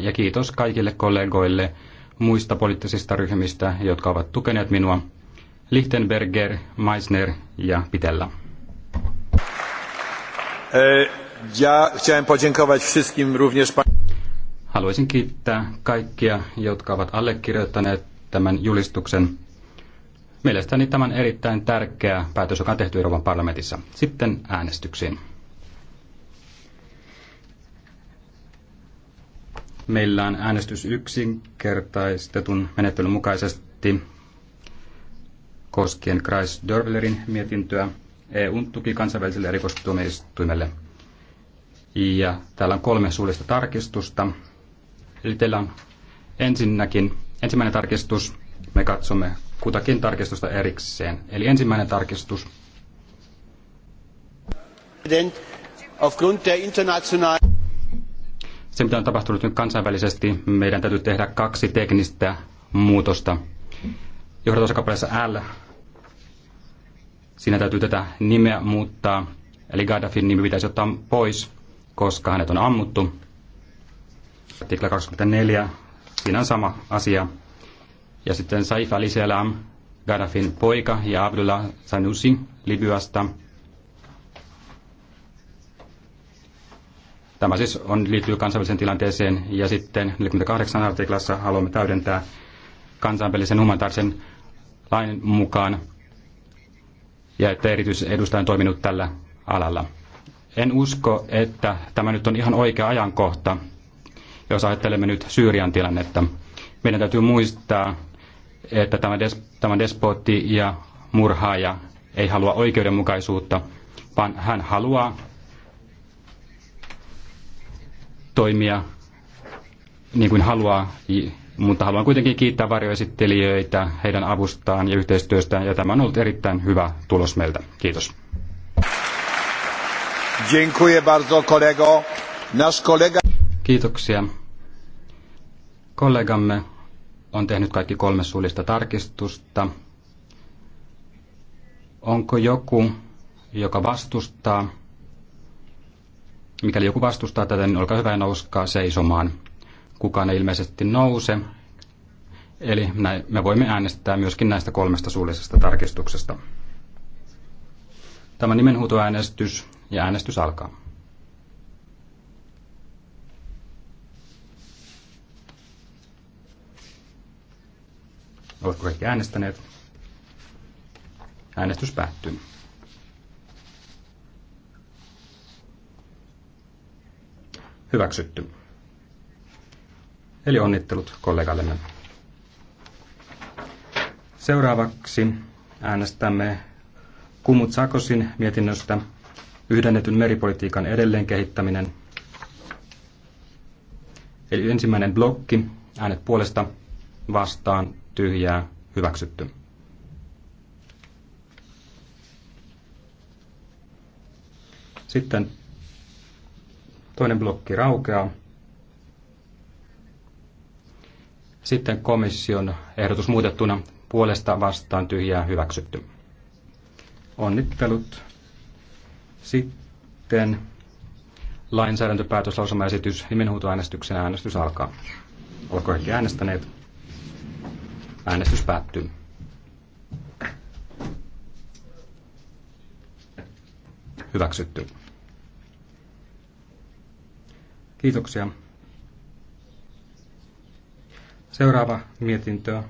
ja kiitos kaikille kollegoille muista poliittisista ryhmistä, jotka ovat tukeneet minua. Lichtenberger, Meissner ja Pitellä. E, Haluaisin kiittää kaikkia, jotka ovat allekirjoittaneet tämän julistuksen. Mielestäni tämä on erittäin tärkeä päätös, joka on tehty Euroopan parlamentissa. Sitten äänestyksiin. Meillä on äänestys yksinkertaistetun menettelyn mukaisesti koskien Kreis Dörvlerin mietintöä EUn tuki kansainväliselle rikostuomioistuimelle. Ja täällä on kolme suullista tarkistusta. Eli teillä on ensinnäkin ensimmäinen tarkistus. Me katsomme kutakin tarkistusta erikseen. Eli ensimmäinen tarkistus. Aufgrund der internationalen se, mitä on tapahtunut nyt kansainvälisesti, meidän täytyy tehdä kaksi teknistä muutosta. Johdatusosakappaleessa L, siinä täytyy tätä nimeä muuttaa, eli Gaddafin nimi pitäisi ottaa pois, koska hänet on ammuttu. Artikla 24, siinä on sama asia. Ja sitten Saif al-Islam, Gaddafin poika ja Abdullah Sanusi Libyasta – Tämä siis on, liittyy kansainväliseen tilanteeseen ja sitten 48 artiklassa haluamme täydentää kansainvälisen humanitaarisen lain mukaan ja että erityisedustaja on toiminut tällä alalla. En usko, että tämä nyt on ihan oikea ajankohta, jos ajattelemme nyt Syyrian tilannetta. Meidän täytyy muistaa, että tämä, des, tämä despotti ja murhaaja ei halua oikeudenmukaisuutta, vaan hän haluaa toimia niin kuin haluaa, mutta haluan kuitenkin kiittää varjoesittelijöitä heidän avustaan ja yhteistyöstään, ja tämä on ollut erittäin hyvä tulos meiltä. Kiitos. Kiitoksia. Kollegamme on tehnyt kaikki kolme suullista tarkistusta. Onko joku, joka vastustaa Mikäli joku vastustaa tätä, niin olkaa hyvä ja nouskaa seisomaan. Kukaan ei ilmeisesti nouse. Eli me voimme äänestää myöskin näistä kolmesta suullisesta tarkistuksesta. Tämä nimenhuutoäänestys ja äänestys alkaa. Oletko kaikki äänestäneet? Äänestys päättyy. Hyväksytty. Eli onnittelut kollegallemme. Seuraavaksi äänestämme Kumut Sakosin mietinnöstä yhdennetyn meripolitiikan edelleen kehittäminen. Eli ensimmäinen blokki, äänet puolesta, vastaan, tyhjää, hyväksytty. Sitten Toinen blokki raukeaa. Sitten komission ehdotus muutettuna puolesta vastaan tyhjää hyväksytty. Onnittelut. Sitten lainsäädäntöpäätöslausumaesitys nimenhuutoäänestyksen äänestys alkaa. Olko kaikki äänestäneet? Äänestys päättyy. Hyväksytty. Kiitoksia. Seuraava mietintö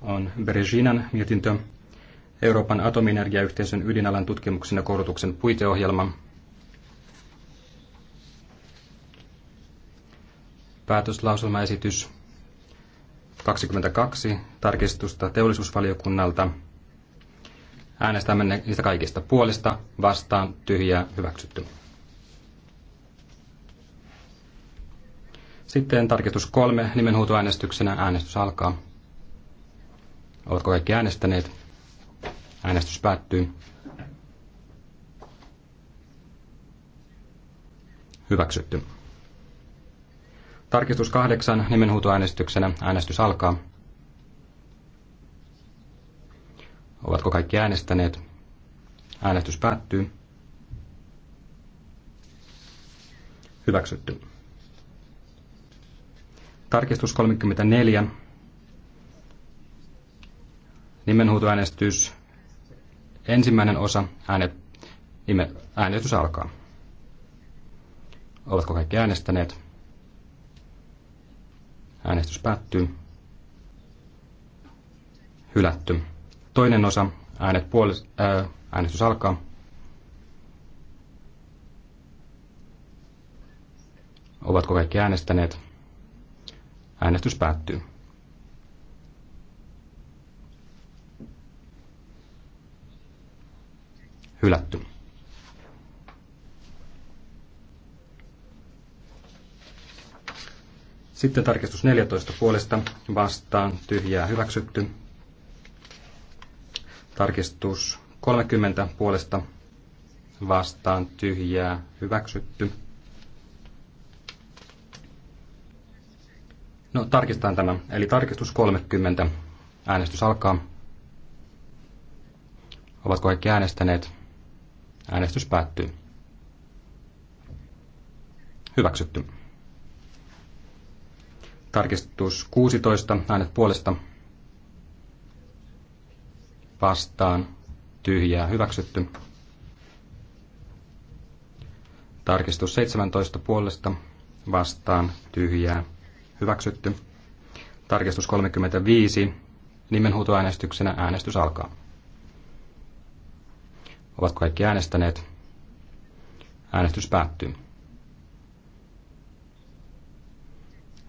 on Berejinan mietintö Euroopan atomienergiayhteisön ydinalan tutkimuksen ja koulutuksen puiteohjelma. Päätöslauselmaesitys 22 tarkistusta teollisuusvaliokunnalta. Äänestämme niistä kaikista puolesta, vastaan, tyhjää, hyväksytty. Sitten tarkistus kolme nimenhuutoäänestyksenä. Äänestys alkaa. Ovatko kaikki äänestäneet? Äänestys päättyy. Hyväksytty. Tarkistus kahdeksan nimenhuutoäänestyksenä. Äänestys alkaa. Ovatko kaikki äänestäneet? Äänestys päättyy. Hyväksytty. Tarkistus 34. Nimenhuutoäänestys. Ensimmäinen osa. Äänet, nime, äänestys alkaa. Ovatko kaikki äänestäneet? Äänestys päättyy. Hylätty. Toinen osa. Äänet puolis, ää, äh, äänestys alkaa. Ovatko kaikki äänestäneet? Äänestys päättyy. Hylätty. Sitten tarkistus 14 puolesta vastaan tyhjää hyväksytty. Tarkistus 30 puolesta vastaan tyhjää hyväksytty. No, tarkistetaan tämä. Eli tarkistus 30. Äänestys alkaa. Ovatko kaikki äänestäneet? Äänestys päättyy. Hyväksytty. Tarkistus 16. Äänet puolesta. Vastaan. Tyhjää. Hyväksytty. Tarkistus 17 puolesta vastaan tyhjää Hyväksytty. Tarkistus 35. Nimenhuutoäänestyksenä äänestys alkaa. Ovat kaikki äänestäneet? Äänestys päättyy.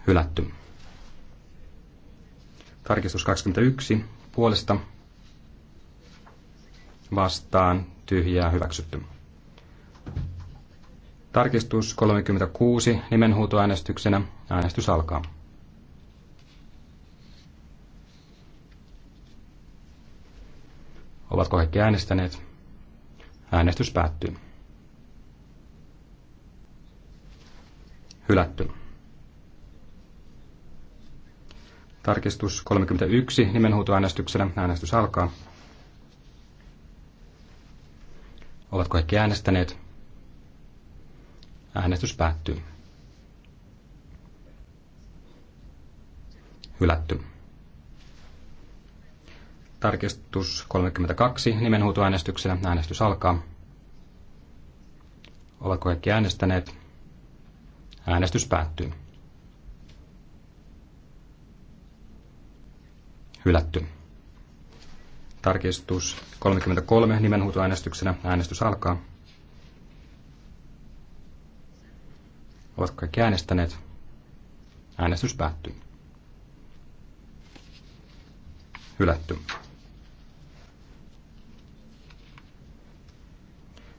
Hylätty. Tarkistus 21. Puolesta vastaan tyhjää hyväksytty. Tarkistus 36 nimenhuutoäänestyksenä. Äänestys alkaa. Ovatko kaikki äänestäneet? Äänestys päättyy. Hylätty. Tarkistus 31 nimenhuutoäänestyksenä. Äänestys alkaa. Ovatko kaikki äänestäneet? Äänestys päättyy. Hylätty. Tarkistus 32 nimenhuutoäänestyksellä. Äänestys alkaa. Ovatko kaikki äänestäneet? Äänestys päättyy. Hylätty. Tarkistus 33 nimenhuutoäänestyksenä. Äänestys alkaa. Ovatko kaikki äänestäneet? Äänestys päättyy. Hylätty.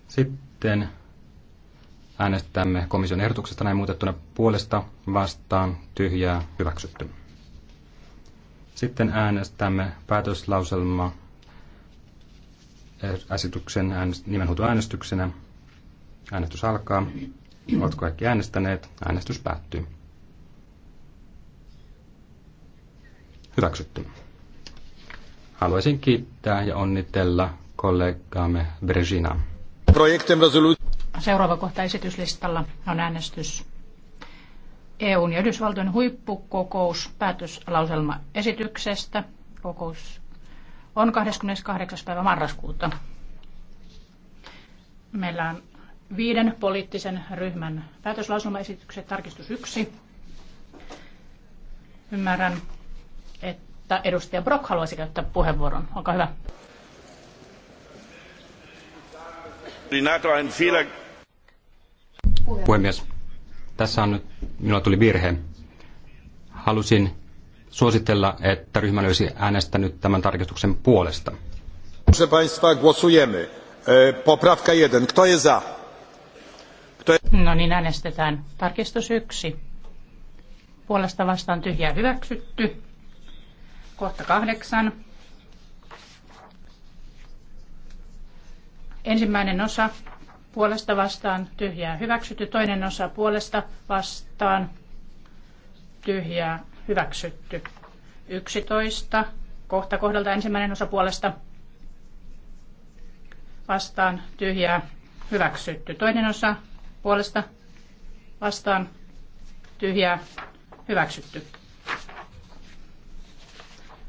Sitten äänestämme komission ehdotuksesta näin muutettuna puolesta vastaan tyhjää hyväksytty. Sitten äänestämme päätöslauselma eh, esityksen äänest- nimenhuutoäänestyksenä. Äänestys alkaa. Oletko kaikki äänestäneet? Äänestys päättyy. Hyväksytty. Haluaisin kiittää ja onnitella kollegaamme Brezina. Seuraava kohta esityslistalla on äänestys. EUn ja Yhdysvaltojen huippukokous päätöslauselma esityksestä. Kokous on 28. päivä marraskuuta. Meillä on viiden poliittisen ryhmän päätöslausumaesitykset, tarkistus yksi. Ymmärrän, että edustaja Brock haluaisi käyttää puheenvuoron. Olkaa hyvä. Puhemies, tässä on nyt, minulla tuli virhe. Halusin suositella, että ryhmä olisi äänestänyt tämän tarkistuksen puolesta. Proszę Państwa, głosujemy. E, poprawka 1. Kto jest za? No niin, äänestetään. Tarkistus yksi. Puolesta vastaan tyhjää hyväksytty. Kohta kahdeksan. Ensimmäinen osa puolesta vastaan tyhjää hyväksytty. Toinen osa puolesta vastaan tyhjää hyväksytty. 11. Kohta kohdalta ensimmäinen osa puolesta vastaan tyhjää hyväksytty. Toinen osa puolesta vastaan tyhjää hyväksytty.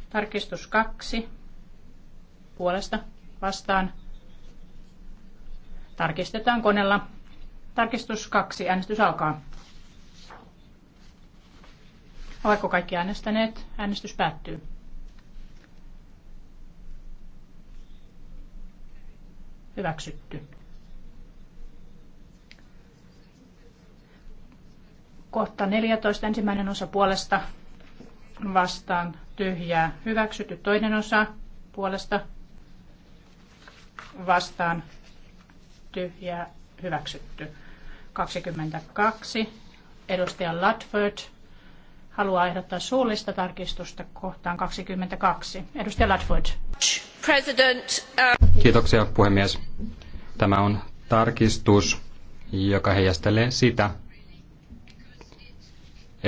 Tarkistus 2 puolesta vastaan. Tarkistetaan koneella. Tarkistus 2. Äänestys alkaa. Oletko kaikki äänestäneet? Äänestys päättyy. Hyväksytty. Kohta 14. Ensimmäinen osa puolesta vastaan tyhjää. Hyväksytty toinen osa puolesta vastaan tyhjää. Hyväksytty. 22. Edustaja Latford haluaa ehdottaa suullista tarkistusta kohtaan 22. Edustaja Latford. President, uh... Kiitoksia puhemies. Tämä on tarkistus, joka heijastelee sitä,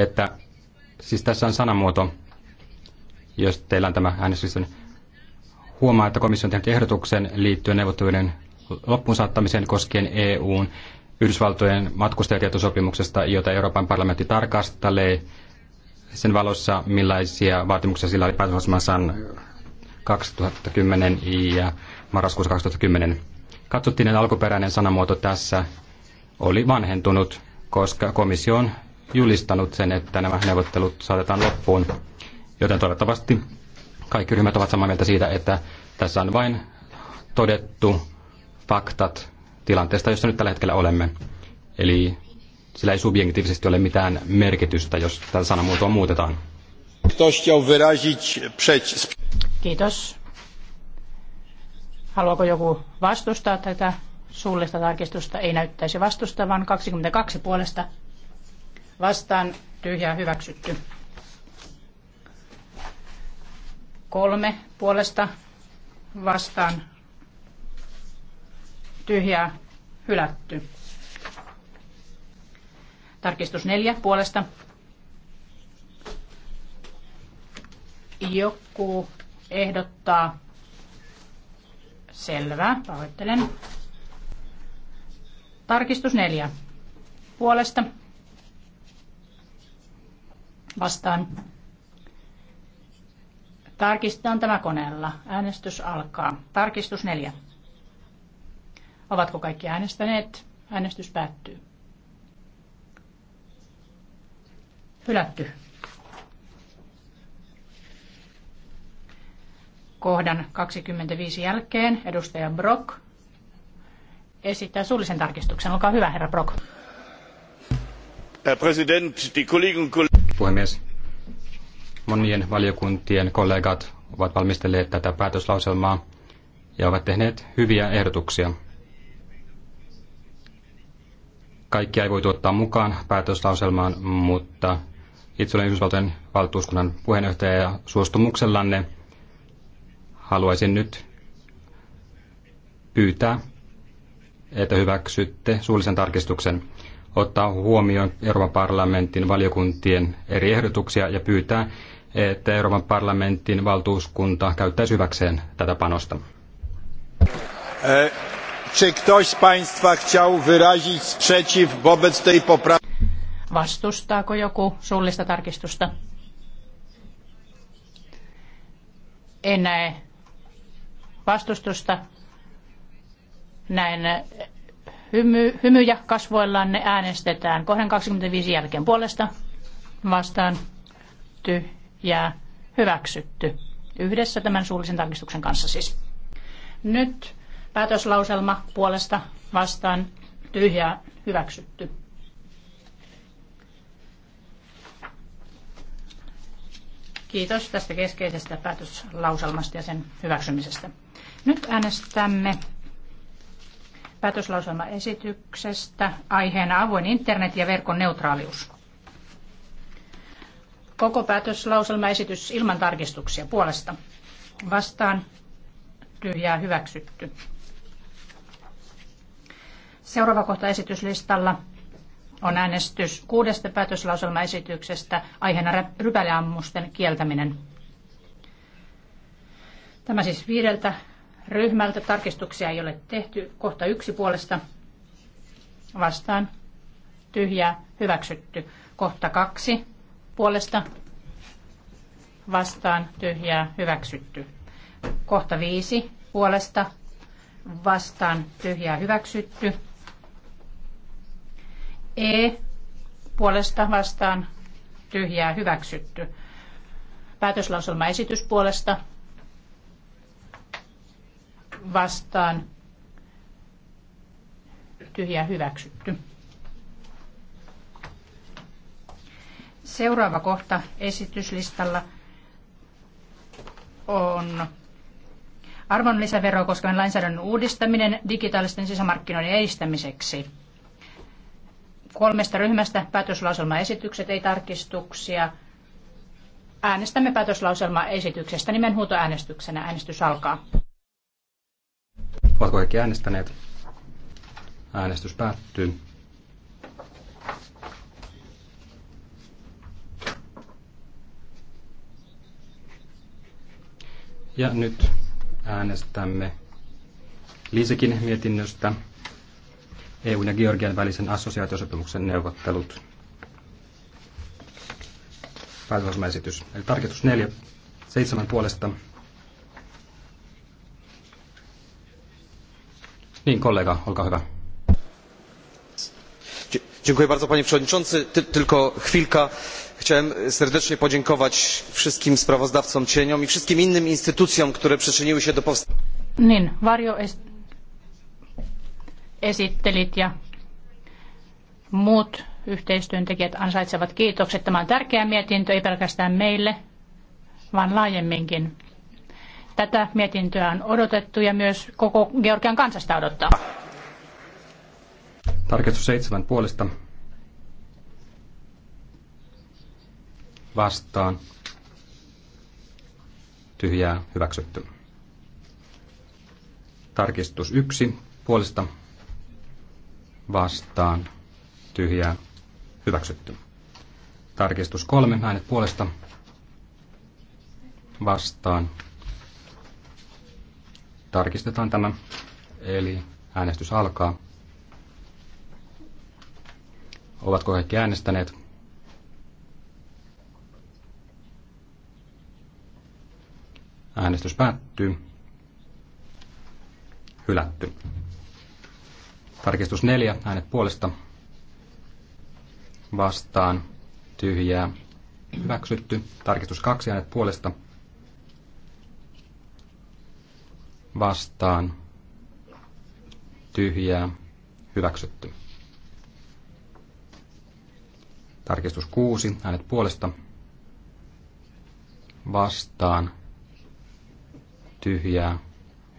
että siis tässä on sanamuoto, jos teillä on tämä äänestys, niin huomaa, että komissio on tehnyt ehdotuksen liittyen neuvotteluiden loppuun saattamiseen koskien EUn Yhdysvaltojen matkustajatietosopimuksesta, jota Euroopan parlamentti tarkastelee sen valossa, millaisia vaatimuksia sillä oli päätösasemassaan 2010 ja marraskuussa 2010. Katsottiin, että alkuperäinen sanamuoto tässä oli vanhentunut, koska komissio on julistanut sen, että nämä neuvottelut saatetaan loppuun. Joten toivottavasti kaikki ryhmät ovat samaa mieltä siitä, että tässä on vain todettu faktat tilanteesta, jossa nyt tällä hetkellä olemme. Eli sillä ei subjektiivisesti ole mitään merkitystä, jos tätä sanamuotoa muutetaan. Kiitos. Haluaako joku vastustaa tätä suullista tarkistusta? Ei näyttäisi vastustavan. 22 puolesta vastaan tyhjää hyväksytty. Kolme puolesta vastaan tyhjää hylätty. Tarkistus neljä puolesta. Joku ehdottaa. Selvä, pahoittelen. Tarkistus neljä puolesta vastaan. Tarkistetaan tämä koneella. Äänestys alkaa. Tarkistus neljä. Ovatko kaikki äänestäneet? Äänestys päättyy. Hylätty. Kohdan 25 jälkeen edustaja Brock esittää suullisen tarkistuksen. Olkaa hyvä, herra Brock. Herr Präsident, die Kolleginnen und Kollegen! puhemies. Monien valiokuntien kollegat ovat valmistelleet tätä päätöslauselmaa ja ovat tehneet hyviä ehdotuksia. Kaikkia ei voitu ottaa mukaan päätöslauselmaan, mutta itse olen Yhdysvaltojen valtuuskunnan puheenjohtaja ja suostumuksellanne haluaisin nyt pyytää, että hyväksytte suullisen tarkistuksen ottaa huomioon Euroopan parlamentin valiokuntien eri ehdotuksia ja pyytää, että Euroopan parlamentin valtuuskunta käyttäisi hyväkseen tätä panosta. E, czy ktoś z Państwa chciał wyrazić sprzeciw wobec tej poprawki? Vastustaako joku suullista tarkistusta? En näe vastustusta. Näen hymy, hymyjä kasvoillanne äänestetään. Kohden 25 jälkeen puolesta vastaan tyhjää hyväksytty. Yhdessä tämän suullisen tarkistuksen kanssa siis. Nyt päätöslauselma puolesta vastaan tyhjää hyväksytty. Kiitos tästä keskeisestä päätöslauselmasta ja sen hyväksymisestä. Nyt äänestämme päätöslauselmaesityksestä aiheena avoin internet ja verkon neutraalius. Koko päätöslauselmaesitys ilman tarkistuksia puolesta. Vastaan tyhjää hyväksytty. Seuraava kohta esityslistalla on äänestys kuudesta päätöslauselmaesityksestä aiheena rypäleammusten kieltäminen. Tämä siis viideltä ryhmältä. Tarkistuksia ei ole tehty. Kohta yksi puolesta vastaan. Tyhjää hyväksytty. Kohta kaksi puolesta vastaan. Tyhjää hyväksytty. Kohta viisi puolesta vastaan. Tyhjää hyväksytty. E puolesta vastaan. Tyhjää hyväksytty. esitys puolesta vastaan tyhjä hyväksytty. Seuraava kohta esityslistalla on arvonlisäveroa koskevan lainsäädännön uudistaminen digitaalisten sisämarkkinoiden edistämiseksi. Kolmesta ryhmästä päätöslauselmaesitykset ei tarkistuksia. Äänestämme päätöslauselmaesityksestä nimenhuutoäänestyksenä. Äänestys alkaa. Ovatko kaikki äänestäneet? Äänestys päättyy. Ja nyt äänestämme Liisekin mietinnöstä EUn ja Georgian välisen assosiaatiosopimuksen neuvottelut. Päätösosmaesitys. Eli tarkistus 4. 7 puolesta Niin, kollega, olkaa hyvä. Dziękuję bardzo panie przewodniczący. Tylko chwilka. Chciałem serdecznie podziękować wszystkim sprawozdawcom cieniom i wszystkim innym instytucjom, które przyczyniły się do powstania. Niin, ja muut yhteistyöntekijät ansaitsevat kiitokset. Tämä on tärkeä mietintö, ei pelkästään meille, vaan laajemminkin. Tätä mietintöä on odotettu ja myös koko Georgian kansasta odottaa. Tarkistus seitsemän puolesta. Vastaan. Tyhjää hyväksytty. Tarkistus yksi puolesta. Vastaan. Tyhjää hyväksytty. Tarkistus kolme äänet puolesta. Vastaan Tarkistetaan tämä. Eli äänestys alkaa. Ovatko kaikki äänestäneet? Äänestys päättyy. Hylätty. Tarkistus neljä. Äänet puolesta. Vastaan. Tyhjää. Hyväksytty. Tarkistus kaksi. Äänet puolesta vastaan tyhjää hyväksytty. Tarkistus 6. Äänet puolesta vastaan tyhjää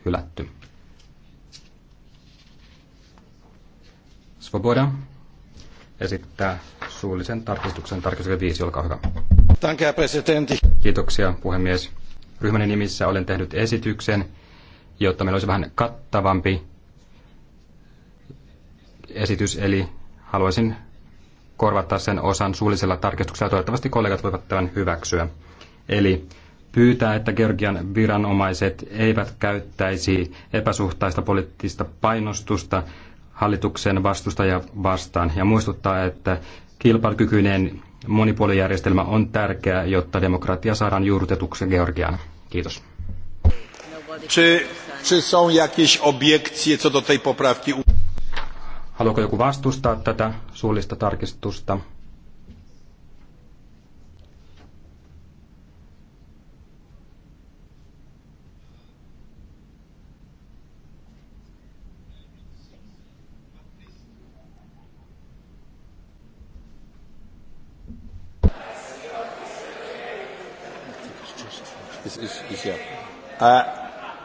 hylätty. Svoboda esittää suullisen tarkistuksen tarkistuksen 5, olkaa hyvä. Kiitoksia puhemies. Ryhmäni nimissä olen tehnyt esityksen, jotta meillä olisi vähän kattavampi esitys, eli haluaisin korvata sen osan suullisella tarkistuksella. Toivottavasti kollegat voivat tämän hyväksyä. Eli pyytää, että Georgian viranomaiset eivät käyttäisi epäsuhtaista poliittista painostusta hallituksen vastustajia vastaan ja muistuttaa, että kilpailukykyinen monipuolijärjestelmä on tärkeä, jotta demokratia saadaan juurrutetuksi Georgiaan. Kiitos. Czy, są jakieś obiekcje co do tej poprawki? Haluaako joku vastustaa tätä suullista tarkistusta?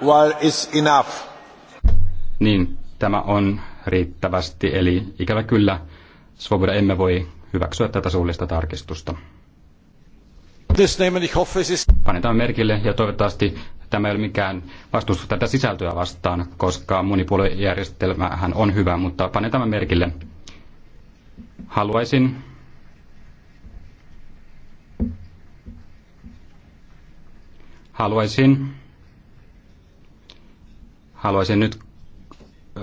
while is enough. Niin, tämä on riittävästi, eli ikävä kyllä Svoboda emme voi hyväksyä tätä suullista tarkistusta. Panetaan merkille ja toivottavasti tämä ei ole mikään vastustus tätä sisältöä vastaan, koska monipuoluejärjestelmähän on hyvä, mutta panetaan merkille. Haluaisin haluaisin Haluaisin nyt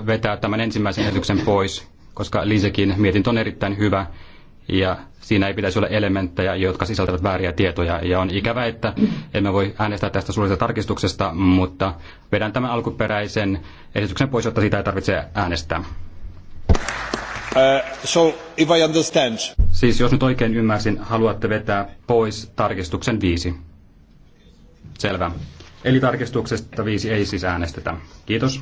vetää tämän ensimmäisen esityksen pois, koska Lisekin mietintö on erittäin hyvä ja siinä ei pitäisi olla elementtejä, jotka sisältävät vääriä tietoja. Ja on ikävä, että emme voi äänestää tästä suullisesta tarkistuksesta, mutta vedän tämän alkuperäisen esityksen pois, jotta sitä ei tarvitse äänestää. Uh, so, if I understand. Siis jos nyt oikein ymmärsin, haluatte vetää pois tarkistuksen viisi. Selvä. Eli tarkistuksesta viisi ei sisäänestetä. Kiitos.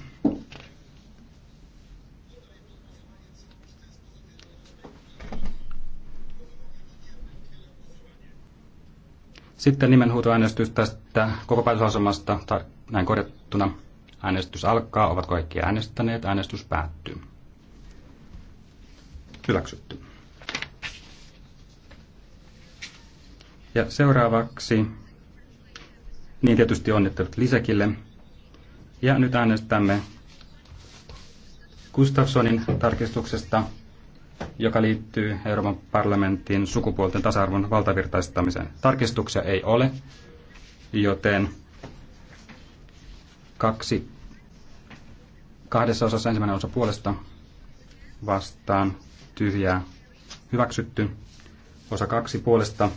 Sitten nimenhuutoäänestys tästä koko päätösasemasta, näin korjattuna. Äänestys alkaa, ovat kaikki äänestäneet, äänestys päättyy. Hyväksytty. Ja seuraavaksi niin tietysti onnittelut Lisekille. Ja nyt äänestämme Gustafssonin tarkistuksesta, joka liittyy Euroopan parlamentin sukupuolten tasa-arvon valtavirtaistamiseen. Tarkistuksia ei ole, joten kaksi kahdessa osassa ensimmäinen osa puolesta vastaan tyhjää hyväksytty. Osa kaksi puolesta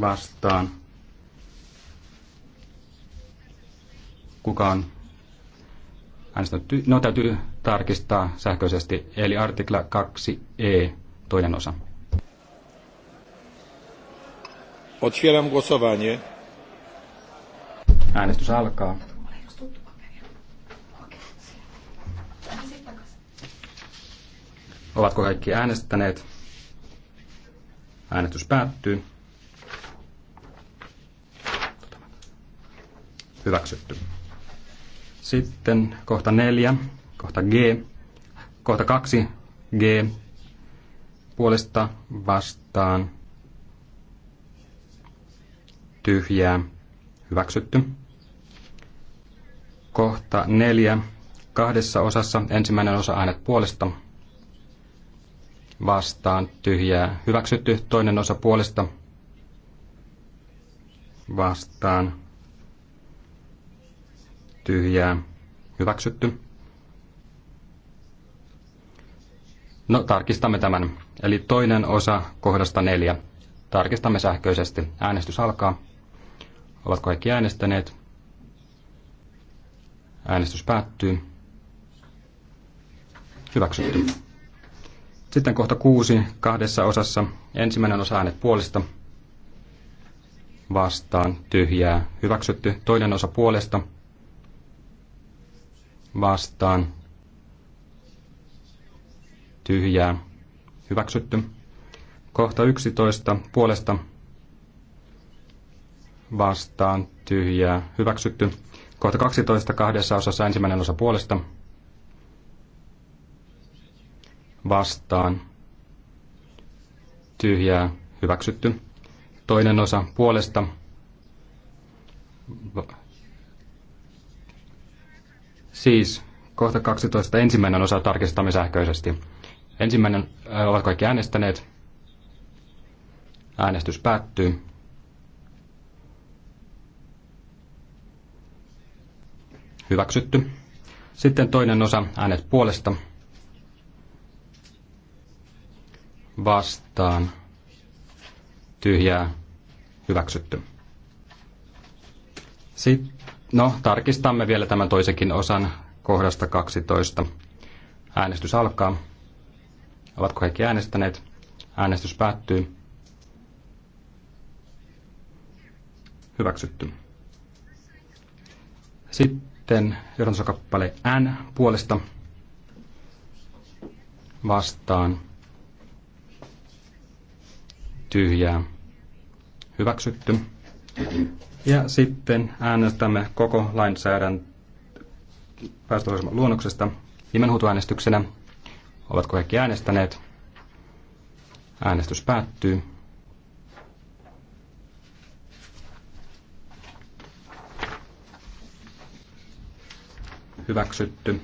vastaan Kuka on äänestänyt? Ty- no täytyy tarkistaa sähköisesti, eli artikla 2e, toinen osa. Otsielam głosowanie. Äänestys alkaa. Ovatko kaikki äänestäneet? Äänestys päättyy. Hyväksytty. Sitten kohta 4, kohta G, kohta 2 G puolesta vastaan tyhjää hyväksytty. Kohta 4 kahdessa osassa ensimmäinen osa äänet puolesta vastaan tyhjää hyväksytty, toinen osa puolesta vastaan tyhjää, hyväksytty. No, tarkistamme tämän. Eli toinen osa kohdasta neljä. Tarkistamme sähköisesti. Äänestys alkaa. Ovatko kaikki äänestäneet? Äänestys päättyy. Hyväksytty. Sitten kohta kuusi kahdessa osassa. Ensimmäinen osa äänet puolesta. Vastaan. Tyhjää. Hyväksytty. Toinen osa puolesta vastaan tyhjää hyväksytty. Kohta 11 puolesta vastaan tyhjää hyväksytty. Kohta 12 kahdessa osassa ensimmäinen osa puolesta vastaan tyhjää hyväksytty. Toinen osa puolesta Siis kohta 12 ensimmäinen osa tarkistamme sähköisesti. Ensimmäinen ovat kaikki äänestäneet. Äänestys päättyy. Hyväksytty. Sitten toinen osa, äänet puolesta. Vastaan. Tyhjää. Hyväksytty. Sitten No, tarkistamme vielä tämän toisenkin osan kohdasta 12. Äänestys alkaa. Ovatko kaikki äänestäneet? Äänestys päättyy. Hyväksytty. Sitten johdantosokappale N puolesta vastaan tyhjää. Hyväksytty. Ja sitten äänestämme koko lainsäädännön päästöohjelman luonnoksesta nimenhuutoäänestyksenä. Ovatko kaikki äänestäneet? Äänestys päättyy. Hyväksytty.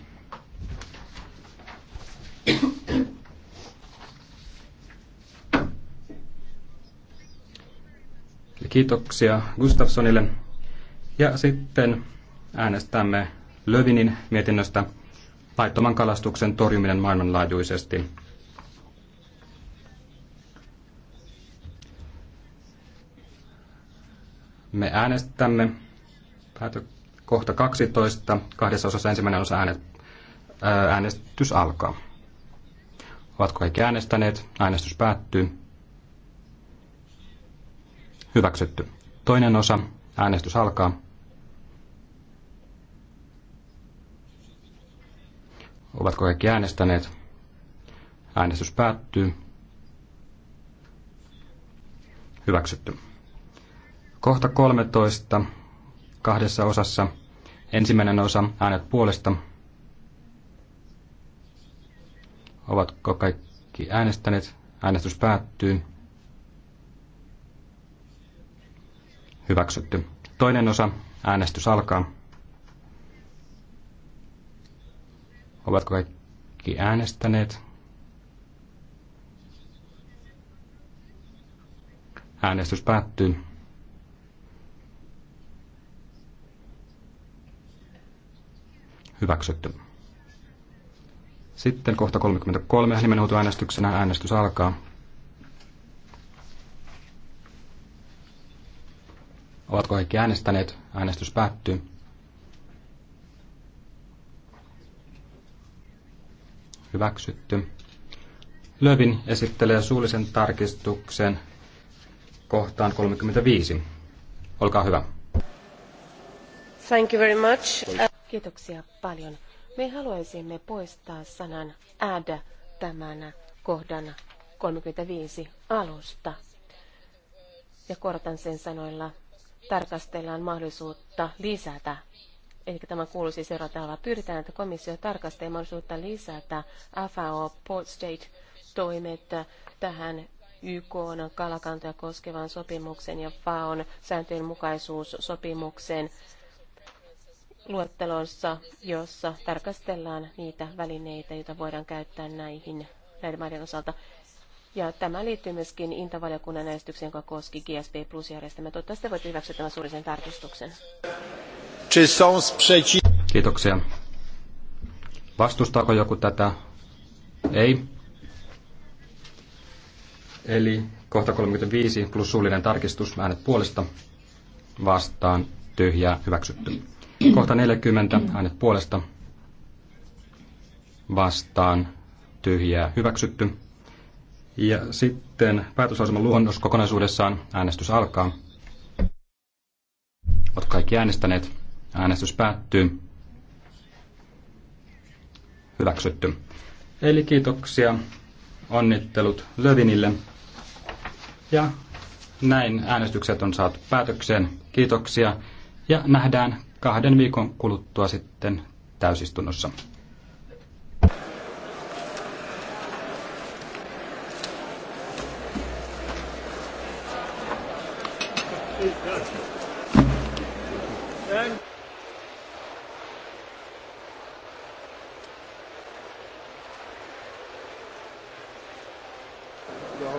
Kiitoksia Gustafssonille. Ja sitten äänestämme Lövinin mietinnöstä laittoman kalastuksen torjuminen maailmanlaajuisesti. Me äänestämme päätö, kohta 12, kahdessa osassa ensimmäinen osa äänet, äänestys alkaa. Ovatko kaikki äänestäneet? Äänestys päättyy. Hyväksytty. Toinen osa. Äänestys alkaa. Ovatko kaikki äänestäneet? Äänestys päättyy. Hyväksytty. Kohta 13 kahdessa osassa. Ensimmäinen osa äänet puolesta. Ovatko kaikki äänestäneet? Äänestys päättyy. Hyväksytty. Toinen osa. Äänestys alkaa. Ovatko kaikki äänestäneet? Äänestys päättyy. Hyväksytty. Sitten kohta 33 nimenhuutoäänestyksenä äänestys alkaa. Ovatko kaikki äänestäneet? Äänestys päättyy. Hyväksytty. Lövin esittelee suullisen tarkistuksen kohtaan 35. Olkaa hyvä. Thank you very much. Kiitoksia paljon. Me haluaisimme poistaa sanan add tämän kohdan 35 alusta. Ja korotan sen sanoilla tarkastellaan mahdollisuutta lisätä eli tämä kuuluisi seuraavalla Pyritään, että komissio tarkastelee mahdollisuutta lisätä FAO Port State-toimet tähän YK on kalakantoja koskevan sopimuksen ja FAON sääntöjen mukaisuussopimukseen luettelossa, jossa tarkastellaan niitä välineitä, joita voidaan käyttää näihin näiden maiden osalta. Ja tämä liittyy myöskin Intavaliokunnan äänestykseen, joka koski GSP Plus-järjestelmää. Toivottavasti voitte hyväksyä tämän suurisen tarkistuksen. Kiitoksia. Vastustaako joku tätä? Ei. Eli kohta 35 plus suullinen tarkistus, äänet puolesta, vastaan, tyhjää, hyväksytty. Kohta 40, äänet puolesta, vastaan, tyhjää, hyväksytty. Ja sitten päätöslauselman luonnos kokonaisuudessaan. Äänestys alkaa. Olet kaikki äänestäneet. Äänestys päättyy. Hyväksytty. Eli kiitoksia. Onnittelut Lövinille. Ja näin äänestykset on saatu päätökseen. Kiitoksia. Ja nähdään kahden viikon kuluttua sitten täysistunnossa.